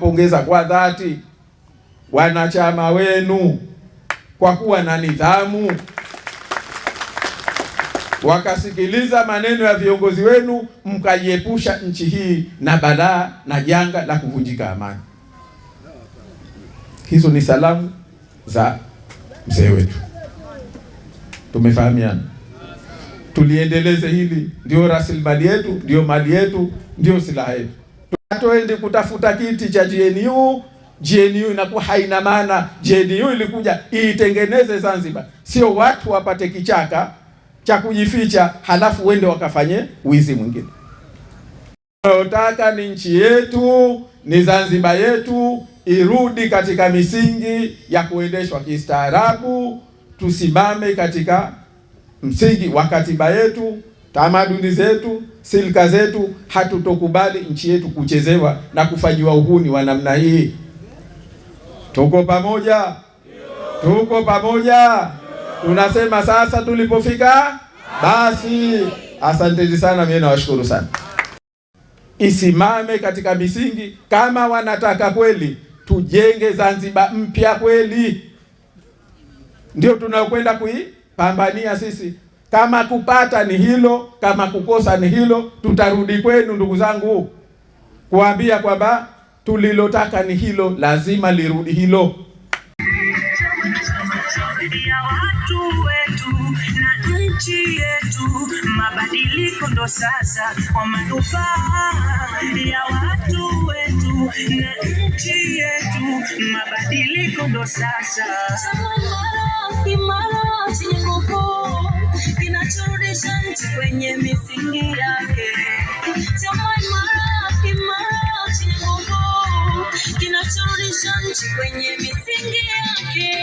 Pongeza kwa dhati wanachama wenu kwa kuwa na nidhamu, wakasikiliza maneno ya viongozi wenu, mkaiepusha nchi hii na balaa na janga la kuvunjika amani. Hizo ni salamu za mzee wetu. Tumefahamiana, tuliendeleze hili. Ndio rasilimali yetu, ndio mali yetu, ndio silaha yetu hatoendi kutafuta kiti cha GNU. GNU inakuwa haina maana. GNU ilikuja iitengeneze Zanzibar, sio watu wapate kichaka cha kujificha halafu wende wakafanye wizi mwingine. Tunayotaka ni nchi yetu, ni Zanzibar yetu irudi katika misingi ya kuendeshwa kistaarabu, tusimame katika msingi wa katiba yetu tamaduni zetu, silka zetu, hatutokubali nchi yetu kuchezewa na kufanyiwa uhuni wa namna hii. Tuko pamoja, tuko pamoja. Tunasema sasa tulipofika basi. Asanteni sana, mimi nawashukuru sana. Isimame katika misingi, kama wanataka kweli tujenge Zanzibar mpya kweli, ndio tunayokwenda kuipambania sisi. Kama kupata ni hilo, kama kukosa ni hilo. Tutarudi kwenu ndugu zangu kuambia kwamba tulilotaka ni hilo, lazima lirudi hilo. Mabadiliko ndo sasa kwa manufaa ya watu wetu na nchi yetu. Mabadiliko ndo sasa kwenye misingi yake chama imara imara chenye kinachorudisha nchi kwenye misingi yake